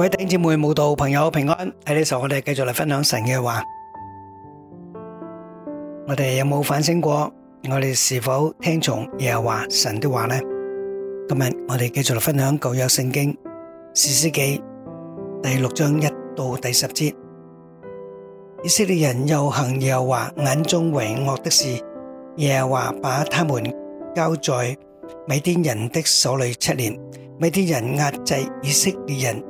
各位弟兄姊妹、慕道朋友平安，喺呢時候，我哋繼續嚟分享神嘅話。我哋有冇反省過？我哋是否聽從耶和華神的話呢？今日我哋繼續嚟分享舊約聖經士師記第六章一到第十節。以色列人又行耶和華眼中為惡的事，耶和華把他們交在米甸人的手裏七年，米甸人壓制以色列人。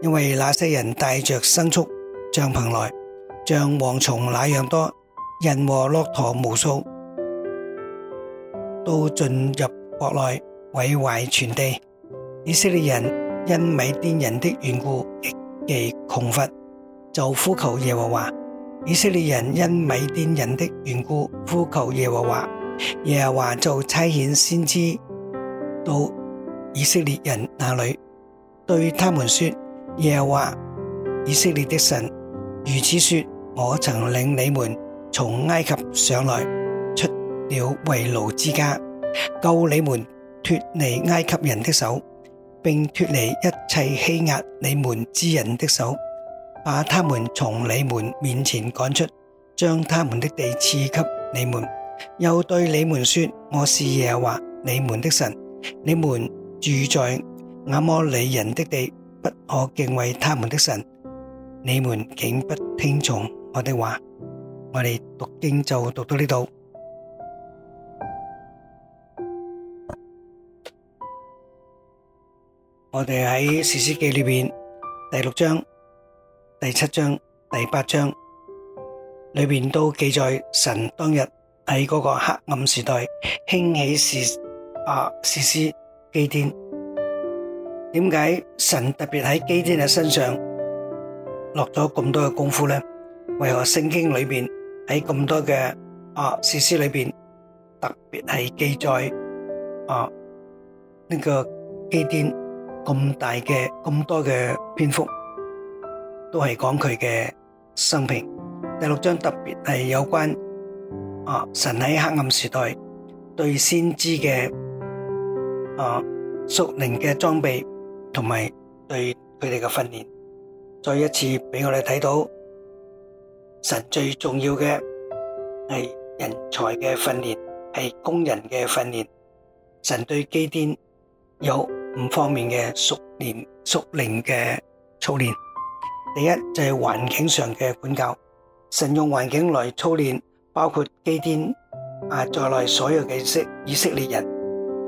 因為那些人帶着牲畜帳篷來，像蝗蟲那樣多，人和駱駝無數，都進入國內毀壞全地。以色列人因米甸人的緣故極其窮乏，就呼求耶和華。以色列人因米甸人的緣故呼求耶和華，耶和華就差遣先知到以色列人那裏，對他們說。耶華以色列的神如此說：我曾領你們從埃及上來，出了為奴之家，救你們脱離埃及人的手，並脱離一切欺壓你們之人的手，把他們從你們面前趕出，將他們的地賜給你們。又對你們說：我是耶華你們的神。你們住在亞摩利人的地。不可敬畏他們的神，你們竟不聽從我的話。我哋讀經就讀到呢度。我哋喺《士師記》裏邊第六章、第七章、第八章裏邊都記載神當日喺嗰個黑暗時代興起士啊士師啊士師基甸。點解神特別喺基甸嘅身上落咗咁多嘅功夫呢？為何聖經裏邊喺咁多嘅啊士師裏邊特別係記載啊呢個基甸咁大嘅咁多嘅篇幅，都係講佢嘅生平。第六章特別係有關啊神喺黑暗時代對先知嘅啊屬靈嘅裝備。同埋對佢哋嘅訓練，再一次俾我哋睇到神最重要嘅係人才嘅訓練，係工人嘅訓練。神對基甸有五方面嘅熟練、熟靈嘅操練。第一就係環境上嘅管教，神用環境來操練，包括基甸啊在內所有嘅釋以色列人。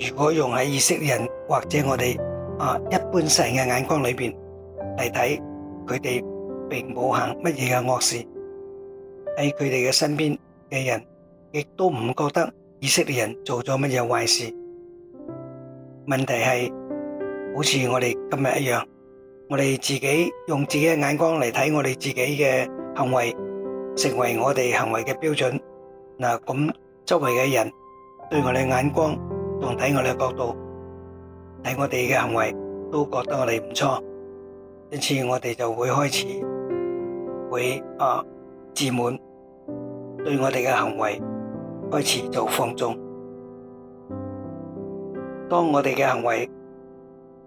如果用喺以色列人或者我哋啊一般世人嘅眼光裏邊嚟睇，佢哋並冇行乜嘢嘅惡事，喺佢哋嘅身邊嘅人亦都唔覺得以色列人做咗乜嘢壞事。問題係好似我哋今日一樣，我哋自己用自己嘅眼光嚟睇我哋自己嘅行為，成為我哋行為嘅標準。嗱，咁周圍嘅人對我哋嘅眼光。從睇我哋嘅角度，睇我哋嘅行為，都覺得我哋唔錯。因此我哋就會開始，會啊自滿，對我哋嘅行為開始做放縱。當我哋嘅行為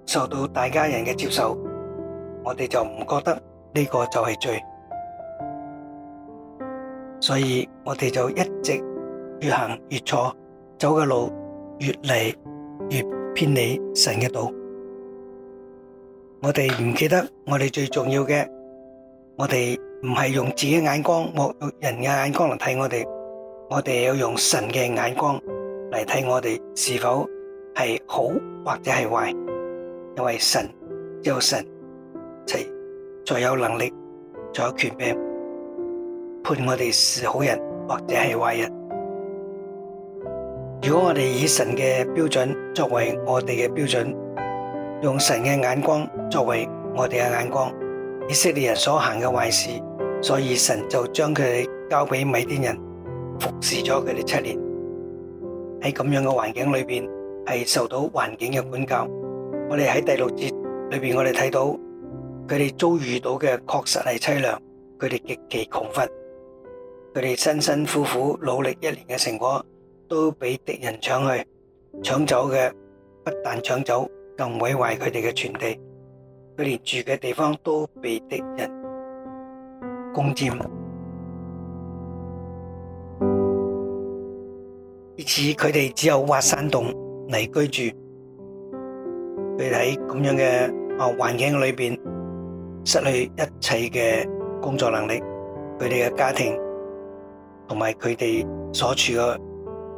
受到大家人嘅接受，我哋就唔覺得呢個就係罪。所以我哋就一直越行越錯，走嘅路，越嚟越偏離神嘅道，我哋唔記得我哋最重要嘅，我哋唔係用自己眼光、人嘅眼光嚟睇我哋，我哋要用神嘅眼光嚟睇我哋是否係好或者係壞，因為神只有神齊才有能力、才有權柄判我哋是好人或者係壞人。如果我哋以神嘅標準作為我哋嘅標準，用神嘅眼光作為我哋嘅眼光，以色列人所行嘅壞事，所以神就將佢哋交俾米甸人服侍咗佢哋七年。喺咁樣嘅環境裏邊，係受到環境嘅管教。我哋喺第六節裏邊，我哋睇到佢哋遭遇到嘅確實係淒涼，佢哋極其窮乏，佢哋辛辛苦苦努力一年嘅成果。都俾敵人搶去搶走嘅。不但搶走，更毀壞佢哋嘅田地，佢連住嘅地方都俾敵人攻佔，以致佢哋只有挖山洞嚟居住。佢喺咁樣嘅啊環境裏面，失去一切嘅工作能力，佢哋嘅家庭同埋佢哋所處嘅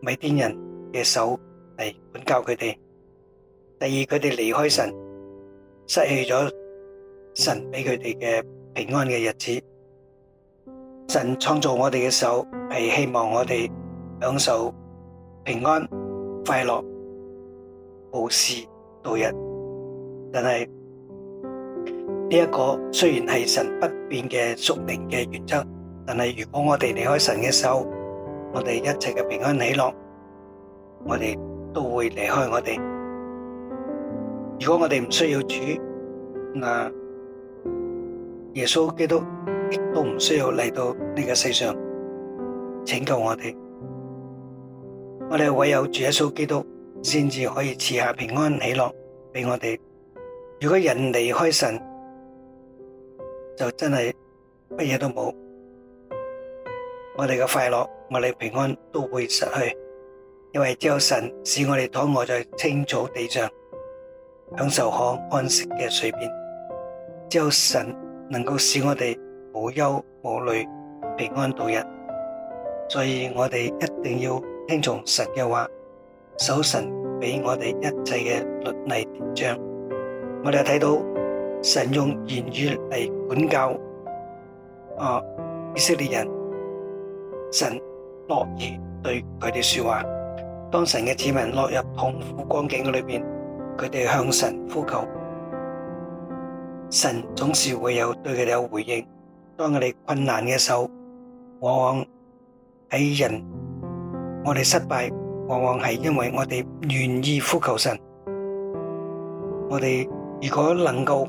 某啲人嘅手嚟管教佢哋。第二，佢哋離開神，失去咗神俾佢哋嘅平安嘅日子。神創造我哋嘅手，係希望我哋享受平安、快樂、無事度日。但係呢一個雖然係神不變嘅宿命嘅原則，但係如果我哋離開神嘅手，我哋一切嘅平安喜樂，我哋都會離開我哋。如果我哋唔需要主，那耶穌基督亦都唔需要嚟到呢個世上拯救我哋。我哋唯有主耶穌基督，先至可以賜下平安喜樂俾我哋。如果人離開神，就真係乜嘢都冇。我哋嘅快樂、我哋平安都會失去，因為只有神使我哋躺臥在青草地上，享受可安息嘅睡眠。只有神能夠使我哋無憂無慮、平安度日。所以我哋一定要聽從神嘅話，守神俾我哋一切嘅律例典章。我哋睇到神用言語嚟管教，啊以色列人。神樂意對佢哋說話。當神嘅子民落入痛苦光景嘅裏邊，佢哋向神呼求，神總是會有對佢哋有回應。當我哋困難嘅時候，往往喺人我哋失敗，往往係因為我哋願意呼求神。我哋如果能夠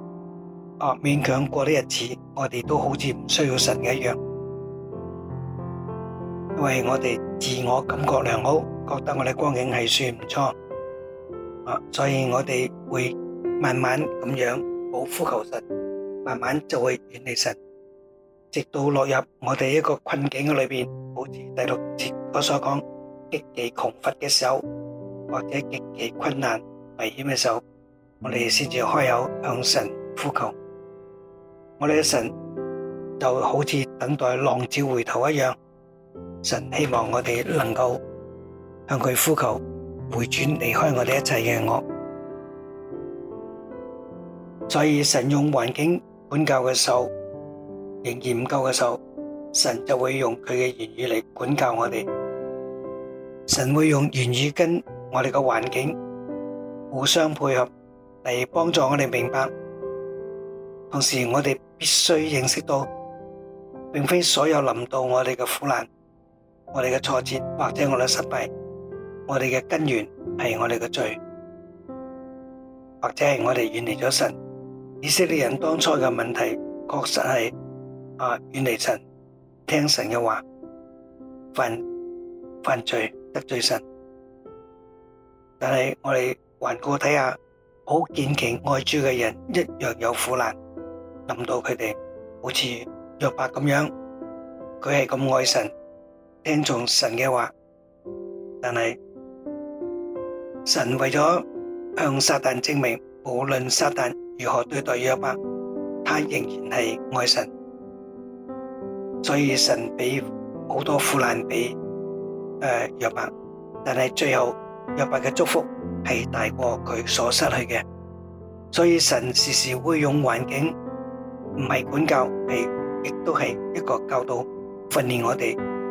啊勉強過啲日子，我哋都好似唔需要神嘅一樣。因為我哋自我感覺良好，覺得我哋光景係算唔錯，啊，所以我哋會慢慢咁樣保呼求神，慢慢就會遠離神，直到落入我哋一個困境嘅裏邊，好似第六節我所講極其窮乏嘅時候，或者極其困難危險嘅時候，我哋先至開口向神呼求，我哋嘅神就好似等待浪子回頭一樣。神希望我哋能夠向佢呼求回轉，離開我哋一切嘅惡。所以神用環境管教嘅手仍然唔夠嘅手，神就會用佢嘅言語嚟管教我哋。神會用言語跟我哋嘅環境互相配合嚟幫助我哋明白。同時，我哋必須認識到，並非所有臨到我哋嘅苦難。我哋嘅挫折或者我哋嘅失敗，我哋嘅根源係我哋嘅罪，或者係我哋遠離咗神。以色列人當初嘅問題確實係啊，遠離神，聽神嘅話，犯犯罪得罪神。但係我哋回顧睇下，好敬虔愛主嘅人一樣有苦難，諗到佢哋好似約伯咁樣，佢係咁愛神。聽從神嘅話，但係神為咗向撒旦證明，無論撒旦如何對待約伯，他仍然係愛神，所以神俾好多苦難俾誒、呃、約伯，但係最後約伯嘅祝福係大過佢所失去嘅，所以神時時會用環境，唔係管教，係亦都係一個教導、訓練我哋。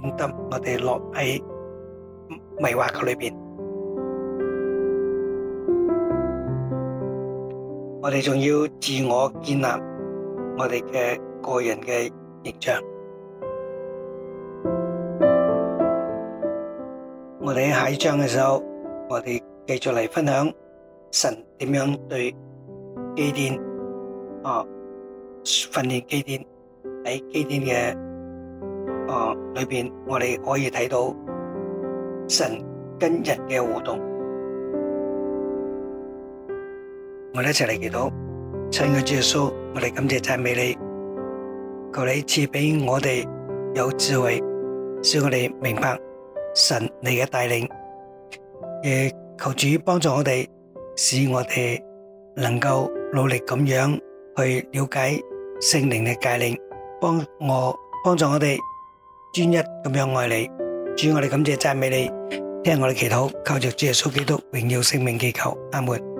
免得我哋落喺迷惑嘅裏邊，我哋仲要自我建立我哋嘅個人嘅形象。我哋喺下一章嘅時候，我哋繼續嚟分享神點樣對基甸，哦，訓練基甸喺基甸嘅。誒，裏邊我哋可以睇到神跟人嘅互動。我哋一齊嚟祈禱，親愛的耶穌，我哋感謝讚美你，求你賜俾我哋有智慧，使我哋明白神你嘅帶領。誒，求主幫助我哋，使我哋能夠努力咁樣去了解聖靈嘅帶領，幫我幫助我哋，專一咁樣愛你，主，我哋感謝讚美你，聽我哋祈禱，靠着主耶穌基督榮耀聖名祈求，阿門。